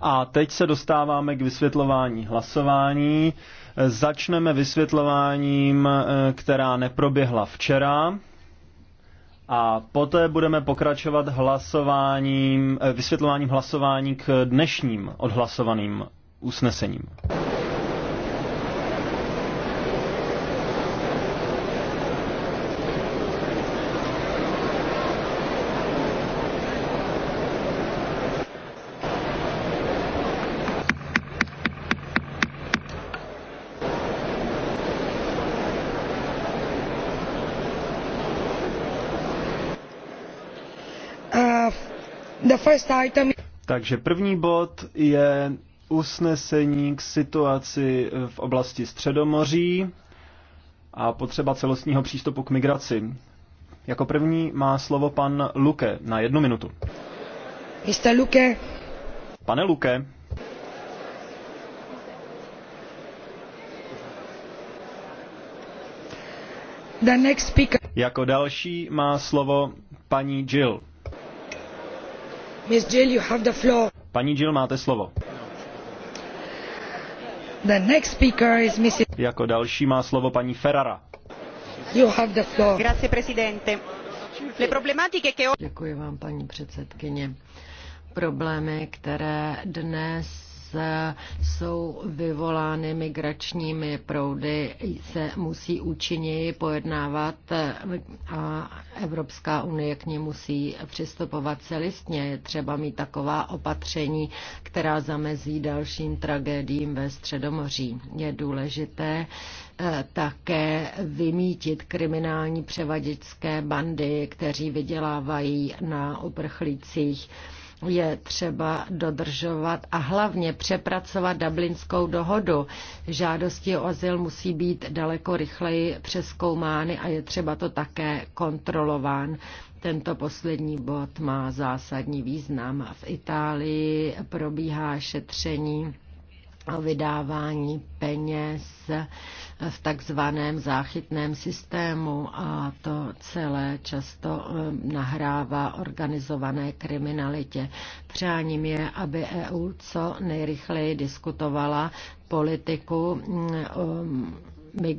A teď se dostáváme k vysvětlování hlasování. Začneme vysvětlováním, eh, která neproběhla včera. A poté budeme pokračovat hlasováním, eh, vysvětlováním hlasování k dnešním odhlasovaným usnesením. Takže první bod je usnesení k situaci v oblasti Středomoří a potřeba celostního přístupu k migraci. Jako první má slovo pan Luke na jednu minutu. Jste Luke? Pane Luke. The next speaker. Jako další má slovo paní Jill. Paní Jill, máte slovo. The next speaker is Mrs. Jako další má slovo paní Ferrara. You have the floor. Grazie, presidente. Le problematiche che... Děkuji vám, paní předsedkyně. Problémy, které dnes se jsou vyvolány migračními proudy, se musí účinněji pojednávat a Evropská unie k ní musí přistupovat celistně. Třeba mít taková opatření, která zamezí dalším tragédiím ve Středomoří. Je důležité, eh, také vymítit kriminální převaděčské bandy, kteří vydělávají na uprchlících je třeba dodržovat a hlavně přepracovat Dublinskou dohodu. Žádosti o azyl musí být daleko rychleji přeskoumány a je třeba to také kontrolován. Tento poslední bod má zásadní význam. V Itálii probíhá šetření o vydávání peněz v takzvaném záchytném systému a to celé často eh, nahrává organizované kriminalitě. Přáním je, aby EU co nejrychleji diskutovala politiku mm,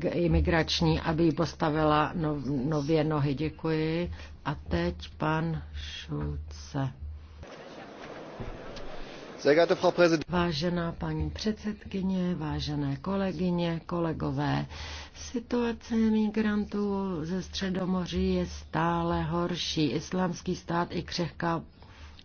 eh, imigrační, aby ji postavila nově nohy. Děkuji. A teď pan Šulce. Vážená paní předsedkyně, vážené kolegyně, kolegové, situace migrantů ze Středomoří je stále horší. Islámský stát i křehká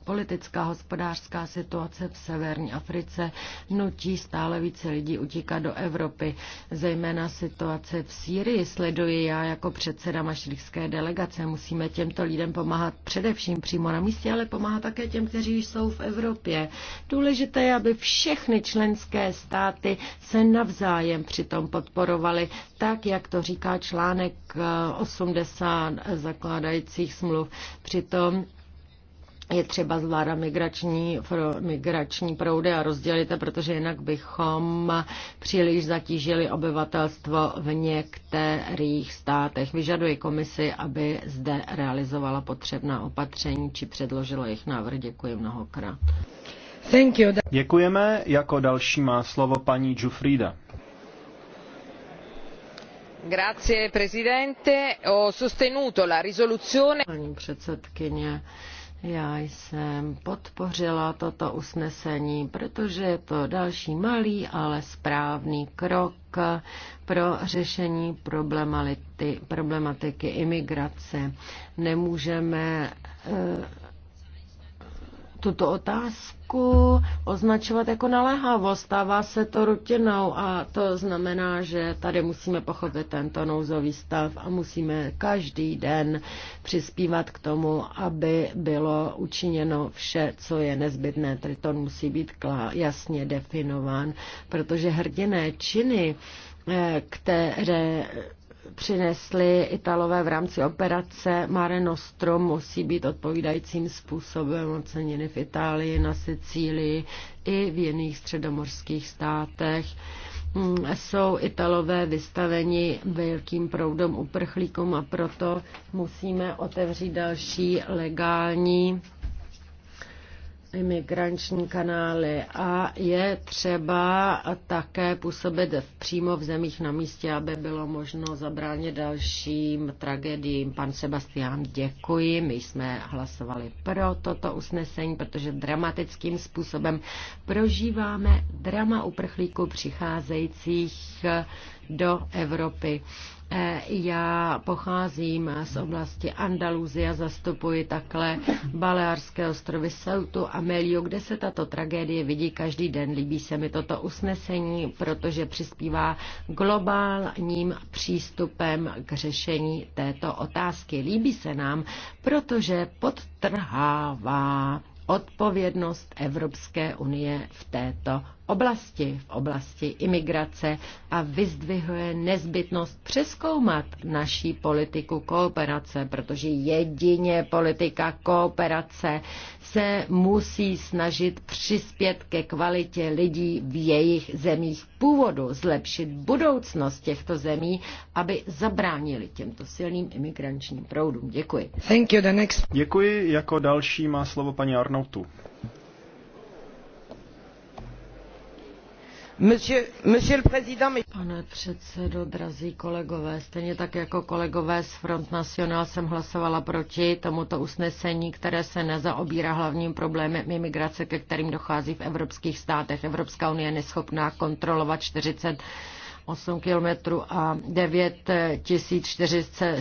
Politická hospodářská situace v severní Africe nutí stále více lidí utíkat do Evropy. Zejména situace v Sýrii sleduji já jako předseda mašrikské delegace. Musíme těmto lidem pomáhat především přímo na místě, ale pomáhat také těm, kteří jsou v Evropě. Důležité je, aby všechny členské státy se navzájem přitom podporovaly, tak jak to říká článek 80 eh, zakládajících smluv. Přitom je třeba zvládat migrační, migrační proudy a rozdělit protože jinak bychom příliš zatížili obyvatelstvo v některých státech. Vyžaduje komisi, aby zde realizovala potřebná opatření či předložila jejich návrh. Děkuji mnohokrát. Thank you. Děkujeme. Jako další má slovo paní Giuffrida. Grazie, presidente. Ho sostenuto la risoluzione. Paní předsedkyně, já jsem podpořila toto usnesení, protože je to další malý, ale správný krok pro řešení problematiky imigrace. Nemůžeme eh, tuto otázku označovat jako naléhavost. Stává se to rutinou a to znamená, že tady musíme pochopit tento nouzový stav a musíme každý den přispívat k tomu, aby bylo učiněno vše, co je nezbytné. to musí být jasně definován, protože hrdiné činy, eh, které přinesli Italové v rámci operace Mare Nostrum musí být odpovídajícím způsobem oceněny v Itálii, na Sicílii i v jiných středomorských státech. Mm, jsou Italové vystaveni velkým proudom uprchlíkům a proto musíme otevřít další legální imigranční kanály a je třeba také působit přímo v zemích na místě, aby bylo možno zabránit dalším tragédiím. Pan Sebastián, děkuji. My jsme hlasovali pro toto usnesení, protože dramatickým způsobem prožíváme drama uprchlíků přicházejících do Evropy. E, já pocházím z oblasti Andaluzia, zastupuji takhle Balearské ostrovy Sautu a Meliu, kde se tato tragédie vidí každý den. Líbí se mi toto usnesení, protože přispívá globálním přístupem k řešení této otázky. Líbí se nám, protože podtrhává odpovědnost Evropské unie v této oblasti, v oblasti imigrace a vyzdvihuje nezbytnost přeskoumat naší politiku kooperace, protože jedině politika kooperace se musí snažit přispět ke kvalitě lidí v jejich zemích původu, zlepšit budoucnost těchto zemí, aby zabránili těmto silným imigrančním proudům. Děkuji. Thank you, the next... Děkuji. Jako další má slovo paní Arnoutu. Pane předsedo, drazí kolegové, stejně tak jako kolegové z Front National jsem hlasovala proti tomuto usnesení, které se nezaobírá hlavním problémem imigrace, ke kterým dochází v evropských státech. Evropská unie je neschopná kontrolovat forty eight kilometrů a nine four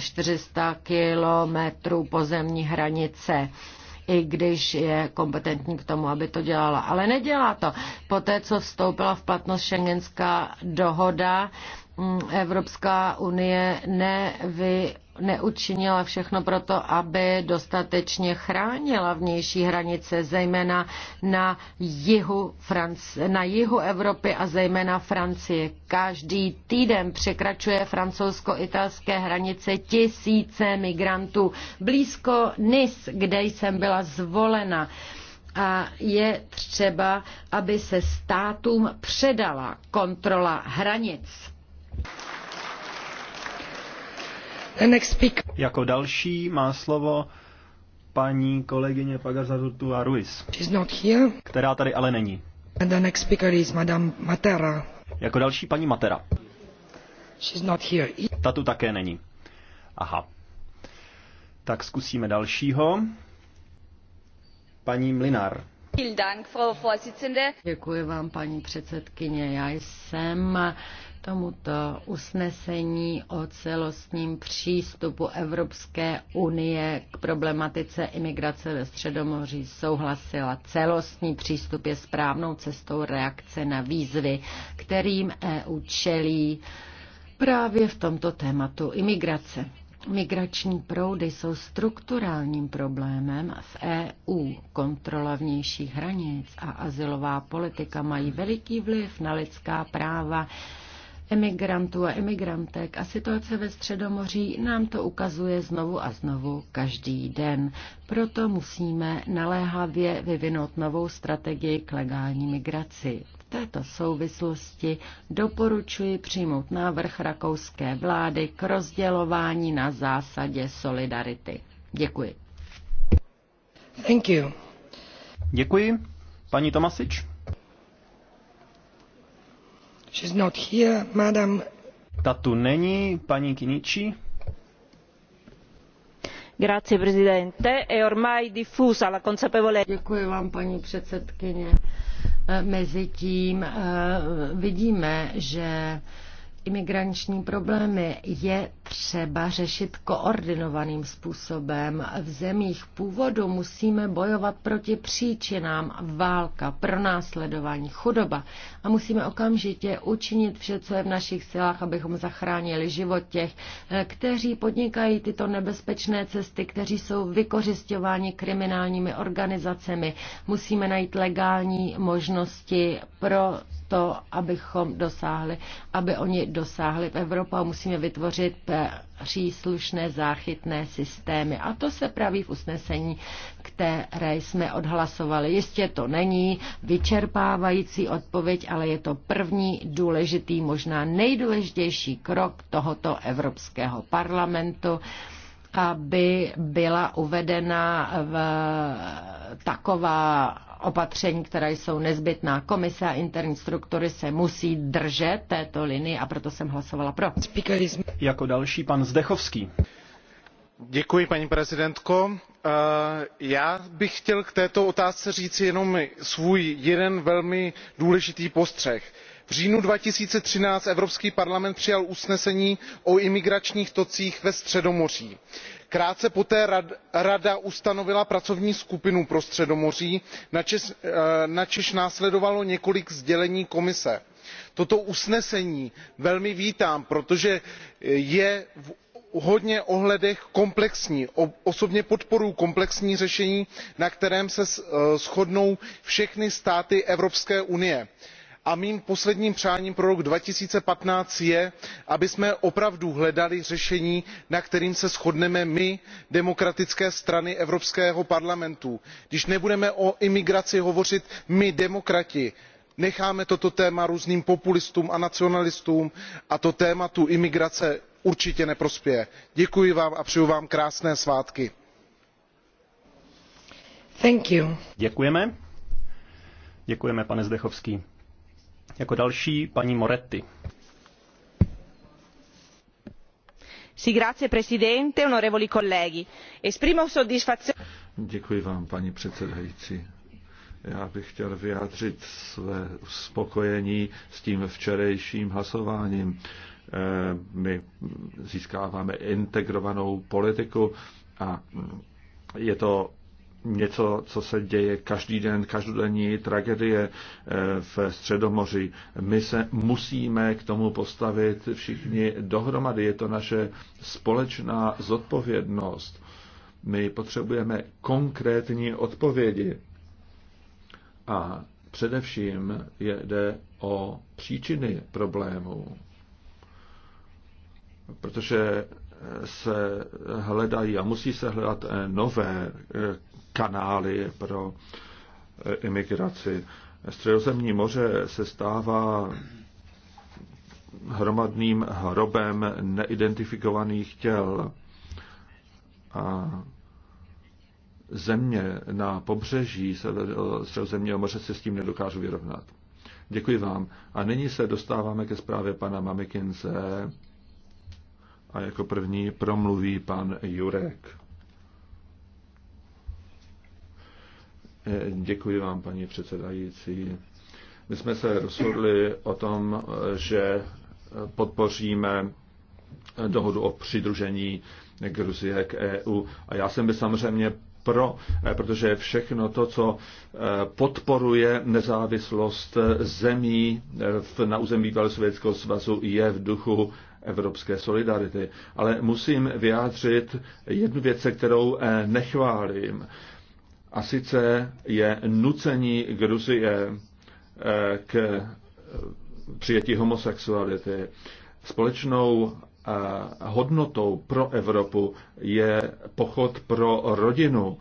hundred kilometrů pozemní hranice i když je kompetentní k tomu, aby to dělala. Ale nedělá to. Poté, co vstoupila v platnost šengenská dohoda, Mm, Evropská unie nevy, neučinila všechno proto, aby dostatečně chránila vnější hranice, zejména na jihu, Franc- na jihu Evropy a zejména Francie. Každý týden překračuje francouzsko-italské hranice tisíce migrantů. Blízko Nis, kde jsem byla zvolena, a je třeba, aby se státům předala kontrola hranic jako další má slovo paní kolegyně Pagazarutu a Ruiz, která tady ale není. And the next speaker is Madame Matera. Jako další paní Matera. She's not here. Ta tu také není. Aha. Tak zkusíme dalšího. Paní Mlinar. Děkuji vám, paní předsedkyně. Já jsem tomuto usnesení o celostním přístupu Evropské unie k problematice imigrace ve Středomoří souhlasila. Celostní přístup je správnou cestou reakce na výzvy, kterým EU čelí právě v tomto tématu imigrace. Migrační proudy jsou strukturálním problémem v EU. Kontrola vnějších hranic a asilová politika mají veliký vliv na lidská práva emigrantů a emigrantek a situace ve Středomoří nám to ukazuje znovu a znovu každý den. Proto musíme naléhavě vyvinout novou strategii k legální migraci. V této souvislosti doporučuji přijmout návrh rakouské vlády k rozdělování na zásadě solidarity. Děkuji. Thank you. Děkuji. Paní Tomasič. She's not here, madam. Ta tu není, paní Kiniči. Grazie, presidente. È ormai diffusa la consapevolezza. Děkuji vám, paní předsedkyně. E, mezitím e, vidíme, že imigranční problémy je třeba řešit koordinovaným způsobem. V zemích původu musíme bojovat proti příčinám válka, pronásledování, chudoba a musíme okamžitě učinit vše, co je v našich silách, abychom zachránili život těch, eh, kteří podnikají tyto nebezpečné cesty, kteří jsou vykořišťováni kriminálními organizacemi. Musíme najít legální možnosti pro to, abychom dosáhli, aby oni dosáhli v Evropu a musíme vytvořit eh, příslušné záchytné systémy. A to se praví v usnesení, které jsme odhlasovali. Jistě to není vyčerpávající odpověď, ale je to první důležitý, možná nejdůležitější krok tohoto Evropského parlamentu aby byla uvedena v taková opatření, která jsou nezbytná. Komise a interní struktury se musí držet této linii a proto jsem hlasovala pro. Jako další pan Zdechovský. Děkuji, paní prezidentko. Eh, já bych chtěl k této otázce říct jenom svůj jeden velmi důležitý postřeh. v říjnu 2013 evropský parlament přijal usnesení o imigračních tocích ve středomoří krátce poté rada ustanovila pracovní skupinu pro středomoří načež eh, následovalo několik sdělení komise. toto usnesení velmi vítám protože je v hodně ohledech komplexní. osobně podporuji komplexní řešení na kterém se eh, shodnou všechny státy evropské unie a mým posledním přáním pro rok two thousand and fifteen je abychom opravdu hledali řešení na kterém se shodneme my demokratické strany evropského parlamentu. když nebudeme o imigraci hovořit my demokrati necháme toto téma různým populistům a nacionalistům a to tématu imigrace určitě neprospěje. děkuji vám a přeji vám krásné svátky. Děkujeme. Děkujeme, pane Zdechovský. Jako další paní Moretti. grazie presidente onorevoli colleghi esprimo soddisfazione. děkuji vám paní předsedající já bych chtěl vyjádřit své uspokojení s tím včerejším hlasováním. Eh, my získáváme integrovanou politiku a je to něco, co se děje každý den, každodenní tragedie eh, v Středomoři. My se musíme k tomu postavit všichni dohromady. Je to naše společná zodpovědnost. My potřebujeme konkrétní odpovědi. A především jde o příčiny problémů. Protože se hledají a musí se hledat eh, nové eh, kanály pro eh, imigraci. Středozemní moře se stává hromadným hrobem neidentifikovaných těl. A země na pobřeží Středozemního moře se s tím nedokážu vyrovnat. Děkuji vám. A nyní se dostáváme ke zprávě pana Mamikince. A jako první promluví pan Jurek. Děkuji vám, paní předsedající. My jsme se rozhodli o tom, že podpoříme dohodu o přidružení Gruzie k EU. A já jsem by samozřejmě pro, protože všechno to, co eh, podporuje nezávislost zemí eh, na území bývalého Sovětského svazu, je v duchu evropské solidarity. Ale musím vyjádřit jednu věc, kterou eh, nechválím a sice je nucení Gruzie eh, k eh, přijetí homosexuality. Společnou eh, hodnotou pro Evropu je pochod pro rodinu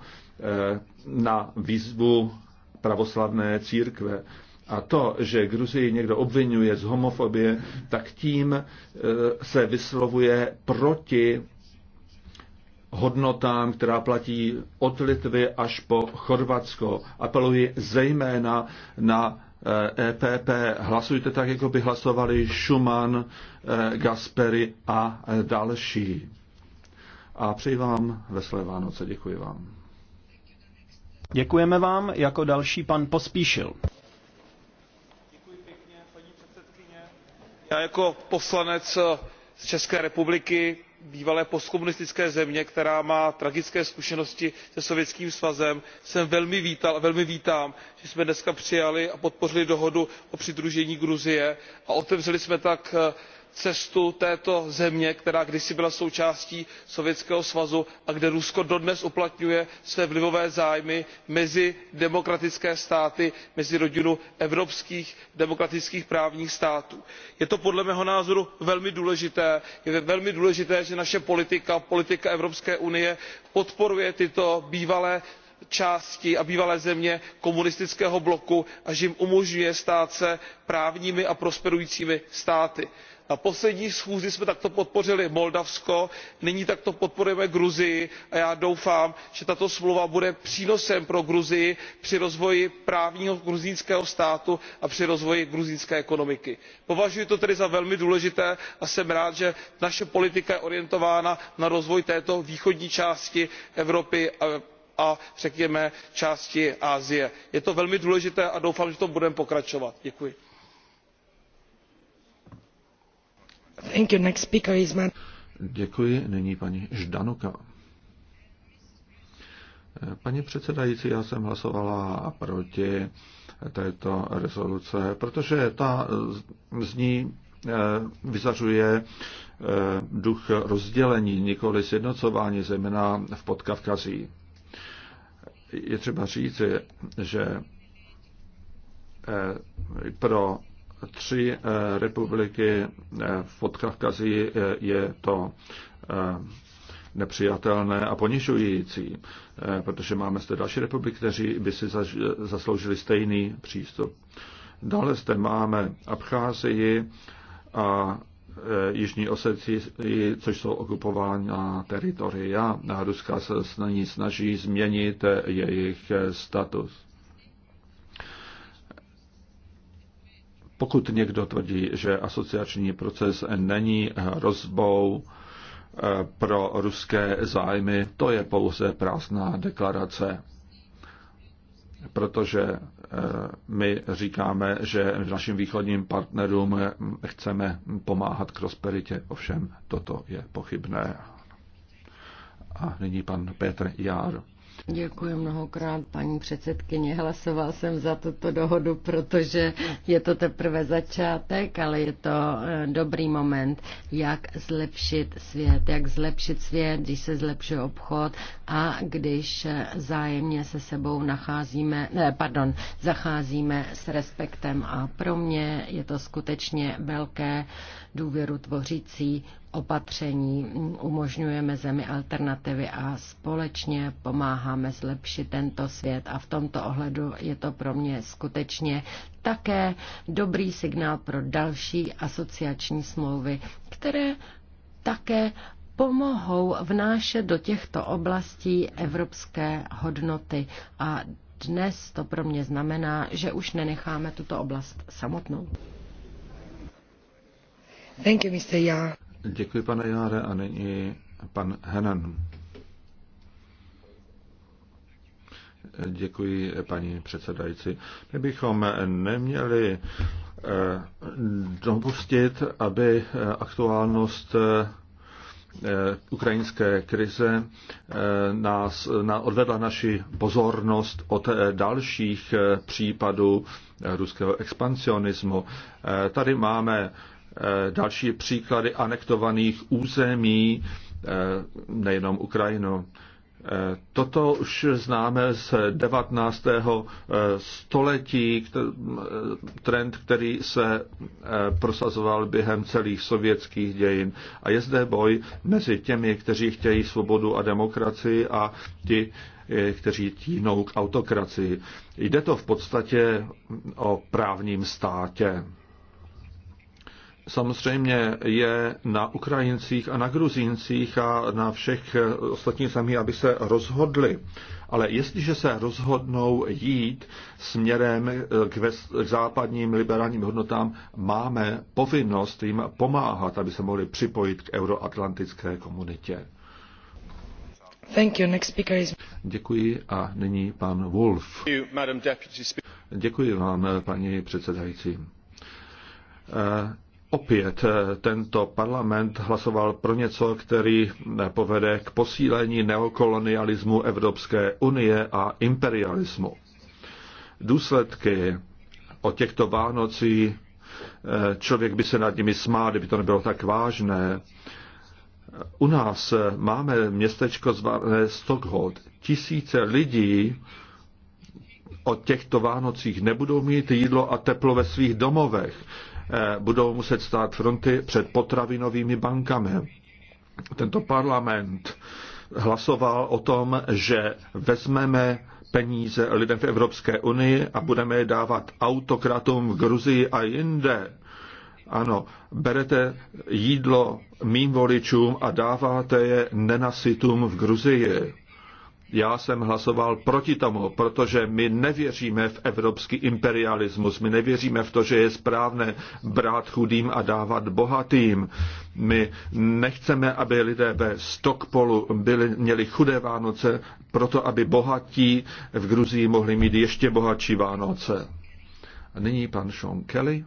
na výzvu pravoslavné církve. A to, že Gruzii někdo obvinuje z homofobie, tak tím se vyslovuje proti hodnotám, která platí od Litvy až po Chorvatsko. Apeluji zejména na EPP. Eh, e Hlasujte tak, jako by hlasovali Schumann, eh, Gaspery a eh, další. A přeji vám veselé Vánoce. Děkuji vám. Děkujeme vám. Jako další pan Pospíšil. Děkuji pěkně, paní předsedkyně. Já jako poslanec z České republiky bývalé postkomunistické země která má tragické zkušenosti se sovětským svazem jsem velmi vítal a velmi vítám že jsme dnes přijali a podpořili dohodu o přidružení gruzie a otevřeli jsme tak cestu cestu této země která kdysi byla součástí sovětského svazu a kde rusko dodnes uplatňuje své vlivové zájmy mezi demokratické státy mezi rodinu evropských demokratických právních států. je to podle mého názoru velmi důležité je velmi důležité že naše politika politika evropské unie podporuje tyto bývalé části a bývalé země komunistického bloku a že jim umožňuje stát se právními a prosperujícími státy na poslední schůzi jsme takto podpořili moldavsko nyní takto podporujeme gruzii a já doufám že tato smlouva bude přínosem pro gruzii při rozvoji právního gruzínského státu a při rozvoji gruzínské ekonomiky. považuji to tedy za velmi důležité a jsem rád že naše politika je orientována na rozvoj této východní části evropy a řekněme části asie. je to velmi důležité a doufám že v tom budeme pokračovat. děkuji. Thank you. Next speaker is man. Děkuji. Nyní paní Ždanuka. Paní předsedající, já jsem hlasovala proti této rezoluce, protože ta z ní eh, vyzařuje eh, duch rozdělení, nikoli sjednocování, zejména v podkavkazí. Je třeba říci, že eh, pro tři eh, republiky eh, v Podkavkazí eh, je to nepřijatelné a ponižující, protože máme zde další republiky, kteří by si zasloužili stejný přístup. Dále zde máme Abcházii a Jižní Osecii, což jsou okupována teritoria. A Ruska se na ní snaží změnit jejich status. Pokud někdo tvrdí, že asociační proces není hrozbou eh, pro ruské zájmy, to je pouze prázdná deklarace. Protože eh, my říkáme, že našim východním partnerům chceme pomáhat k prosperitě, ovšem toto je pochybné. A nyní pan Petr Jár. Děkuji mnohokrát, paní předsedkyně. Hlasoval jsem za tuto dohodu, protože je to teprve začátek, ale je to eh, dobrý moment, jak zlepšit svět, jak zlepšit svět, když se zlepšuje obchod a když eh, zájemně se sebou nacházíme, ne, pardon, zacházíme s respektem. A pro mě je to skutečně velké důvěru tvořící opatření umožňujeme zemi alternativy a společně pomáháme zlepšit tento svět a v tomto ohledu je to pro mě skutečně také dobrý signál pro další asociační smlouvy, které také pomohou vnášet do těchto oblastí evropské hodnoty a dnes to pro mě znamená, že už nenecháme tuto oblast samotnou. Thank you, Mr. Yang. Děkuji, pane Járe, a nyní pan Henan. Děkuji, paní předsedající. My bychom neměli eh, dopustit, aby eh, aktuálnost eh, ukrajinské krize nás odvedla naši pozornost od dalších případů ruského expansionismu. Tady máme Eh, další příklady anektovaných území, eh, nejenom Ukrajinu. Eh, toto už známe z 19. století, trend, který se prosazoval během celých sovětských dějin. A je zde boj mezi těmi, kteří chtějí svobodu a demokracii a ti, kteří tínou k autokracii. Jde to v podstatě o právním státě samozřejmě je na Ukrajincích a na Gruzíncích a na všech ostatních zemích, aby se rozhodli. Ale jestliže se rozhodnou jít směrem k, ves, k západním liberálním hodnotám, máme povinnost jim pomáhat, aby se mohli připojit k euroatlantické komunitě. Thank you. Next speaker is... Děkuji a nyní pan Wolf. Děkuji vám, paní předsedající. Eh, opět eh, tento parlament hlasoval pro něco, který eh, povede k posílení neokolonialismu Evropské unie a imperialismu. Důsledky o těchto Vánocí eh, člověk by se nad nimi smál, kdyby to nebylo tak vážné. U nás máme městečko zvané Stockholm. Tisíce lidí o těchto Vánocích nebudou mít jídlo a teplo ve svých domovech. Eh, budou muset stát fronty před potravinovými bankami. Tento parlament hlasoval o tom, že vezmeme peníze lidem v Evropské unii a budeme je dávat autokratům v Gruzii a jinde. Ano, berete jídlo mým voličům a dáváte je nenasytům v Gruzii. Já jsem hlasoval proti tomu, protože my nevěříme v evropský imperialismus, my nevěříme v to, že je správné brát chudým a dávat bohatým. My nechceme, aby lidé ve Stokpolu byli, měli chudé Vánoce, proto aby bohatí v Gruzii mohli mít ještě bohatší Vánoce. A nyní pan Sean Kelly.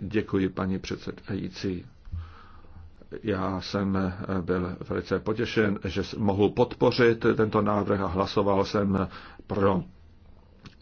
Děkuji, paní předsedající. Já jsem eh, byl velice potěšen, že mohu podpořit tento návrh a hlasoval jsem pro.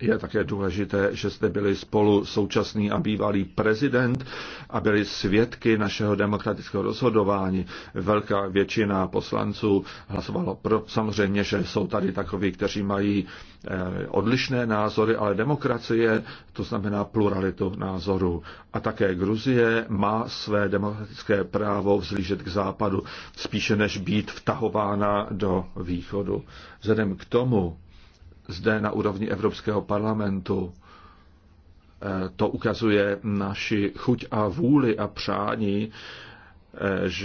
Je také důležité, že jste byli spolu současný a bývalý prezident a byli svědky našeho demokratického rozhodování. Velká většina poslanců hlasovalo pro. Samozřejmě, že jsou tady takoví, kteří mají eh, odlišné názory, ale demokracie to znamená pluralitu názorů. A také Gruzie má své demokratické právo vzlížet k západu, spíše než být vtahována do východu. Vzhledem k tomu, zde na úrovni Evropského parlamentu. E, to ukazuje naši chuť a vůli a přání,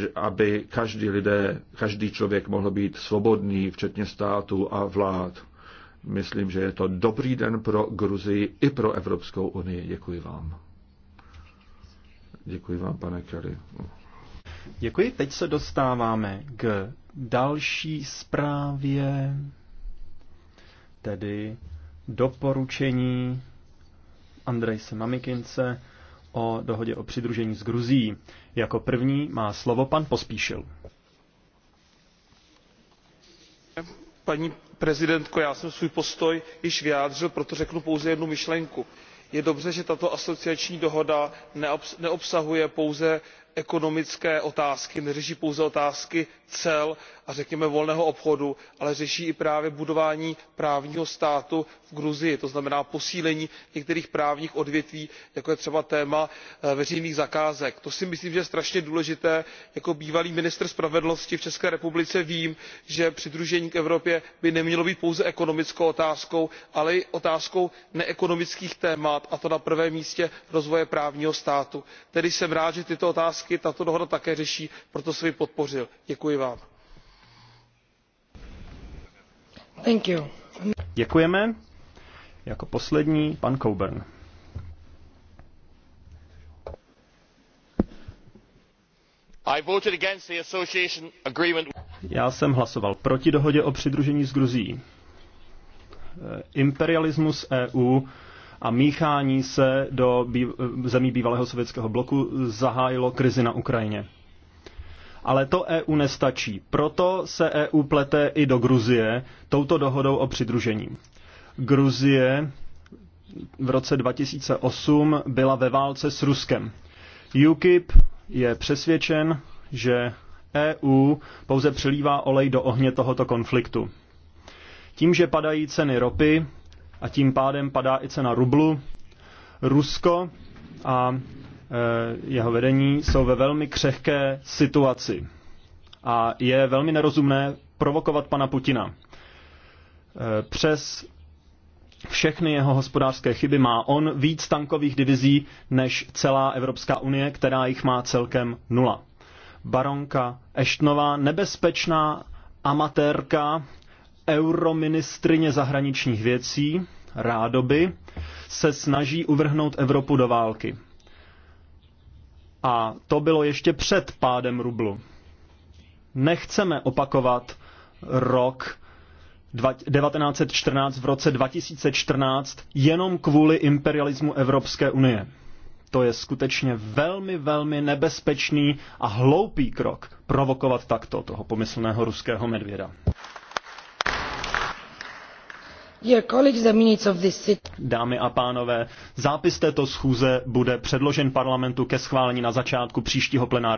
e, aby každý lidé, každý člověk mohl být svobodný, včetně státu a vlád. Myslím, že je to dobrý den pro Gruzii i pro Evropskou unii. Děkuji vám. Děkuji vám, pane Kelly. Děkuji. Teď se dostáváme k další zprávě tedy doporučení Andrejse Mamikince o dohodě o přidružení s Gruzií. Jako první má slovo pan Pospíšil. Paní prezidentko, já jsem svůj postoj již vyjádřil, proto řeknu pouze jednu myšlenku. Je dobře, že tato asociační dohoda neobsahuje pouze ekonomické otázky neřeší pouze otázky cel a řekněme volného obchodu ale řeší i právě budování právního státu v gruzii to znamená posílení některých právních odvětví jako je třeba téma eh, veřejných zakázek. to si myslím že je strašně důležité. jako bývalý ministr spravedlnosti v české republice vím že přidružení k evropě by nemělo být pouze ekonomickou otázkou ale i otázkou neekonomických témat a to na prvním místě rozvoje právního státu. tedy jsem rád že tyto otázky otázky tato dohoda také řeší proto jsem ji podpořil. děkuji vám. Děkujeme. Jako poslední pan Já jsem hlasoval proti dohodě o přidružení s Gruzií. E, imperialismus EU a míchání se do zemí bývalého sovětského bloku zahájilo krizi na Ukrajině. Ale to EU nestačí. Proto se EU plete i do Gruzie touto dohodou o přidružení. Gruzie v roce 2008 byla ve válce s Ruskem. UKIP je přesvědčen, že EU pouze přilívá olej do ohně tohoto konfliktu. Tím, že padají ceny ropy, a tím pádem padá i cena rublu. Rusko a eh, jeho vedení jsou ve velmi křehké situaci a je velmi nerozumné provokovat pana Putina. Eh, přes všechny jeho hospodářské chyby má on víc tankových divizí než celá Evropská unie, která jich má celkem nula. Baronka Eštnová, nebezpečná amatérka, euroministrině zahraničních věcí, rádoby, se snaží uvrhnout Evropu do války. A to bylo ještě před pádem rublu. Nechceme opakovat rok 1914 v roce 2014 jenom kvůli imperialismu Evropské unie. To je skutečně velmi, velmi nebezpečný a hloupý krok provokovat takto toho pomyslného ruského medvěda. Dámy a pánové, zápis této schůze bude předložen parlamentu ke schválení na začátku příštího plenárního zasedání.